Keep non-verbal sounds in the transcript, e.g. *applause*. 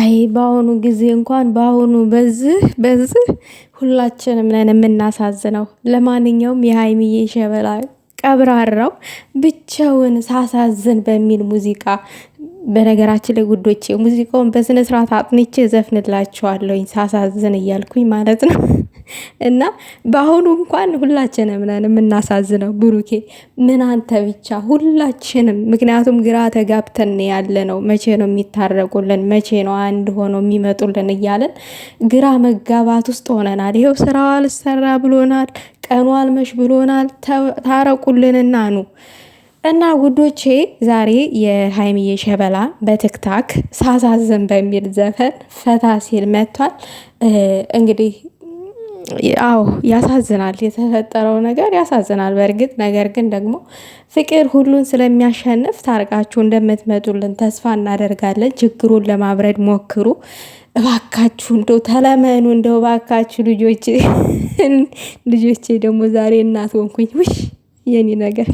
አይ በአሁኑ ጊዜ እንኳን በአሁኑ በዚህ በዚህ ሁላችንም ነን የምናሳዝነው። ለማንኛውም የሀይሚዬ ሸበላ ቀብራራው ብቻውን ሳሳዝን በሚል ሙዚቃ በነገራችን ላይ ውዶቼ ሙዚቃውን በስነ ስርዓት አጥንቼ ዘፍንላችኋለሁኝ ሳሳዝን እያልኩኝ ማለት ነው። *laughs* እና በአሁኑ እንኳን ሁላችንም ነን የምናሳዝነው። ብሩኬ ምን አንተ ብቻ ሁላችንም። ምክንያቱም ግራ ተጋብተን ያለ ነው። መቼ ነው የሚታረቁልን? መቼ ነው አንድ ሆነው የሚመጡልን? እያለን ግራ መጋባት ውስጥ ሆነናል። ይኸው ስራው አልሰራ ብሎናል። ቀኑ አልመሽ ብሎናል። ታረቁልንና ኑ እና ውዶቼ ዛሬ የሀይሚዬ ሸበላ በትክታክ ሳሳዝን በሚል ዘፈን ፈታ ሲል መጥቷል። እንግዲህ አዎ ያሳዝናል፣ የተፈጠረው ነገር ያሳዝናል በእርግጥ ነገር ግን ደግሞ ፍቅር ሁሉን ስለሚያሸንፍ ታርቃችሁ እንደምትመጡልን ተስፋ እናደርጋለን። ችግሩን ለማብረድ ሞክሩ እባካችሁ፣ እንደው ተለመኑ፣ እንደው እባካችሁ ልጆች ልጆቼ ደግሞ ዛሬ እናት ሆንኩኝ። ውሽ የኔ ነገር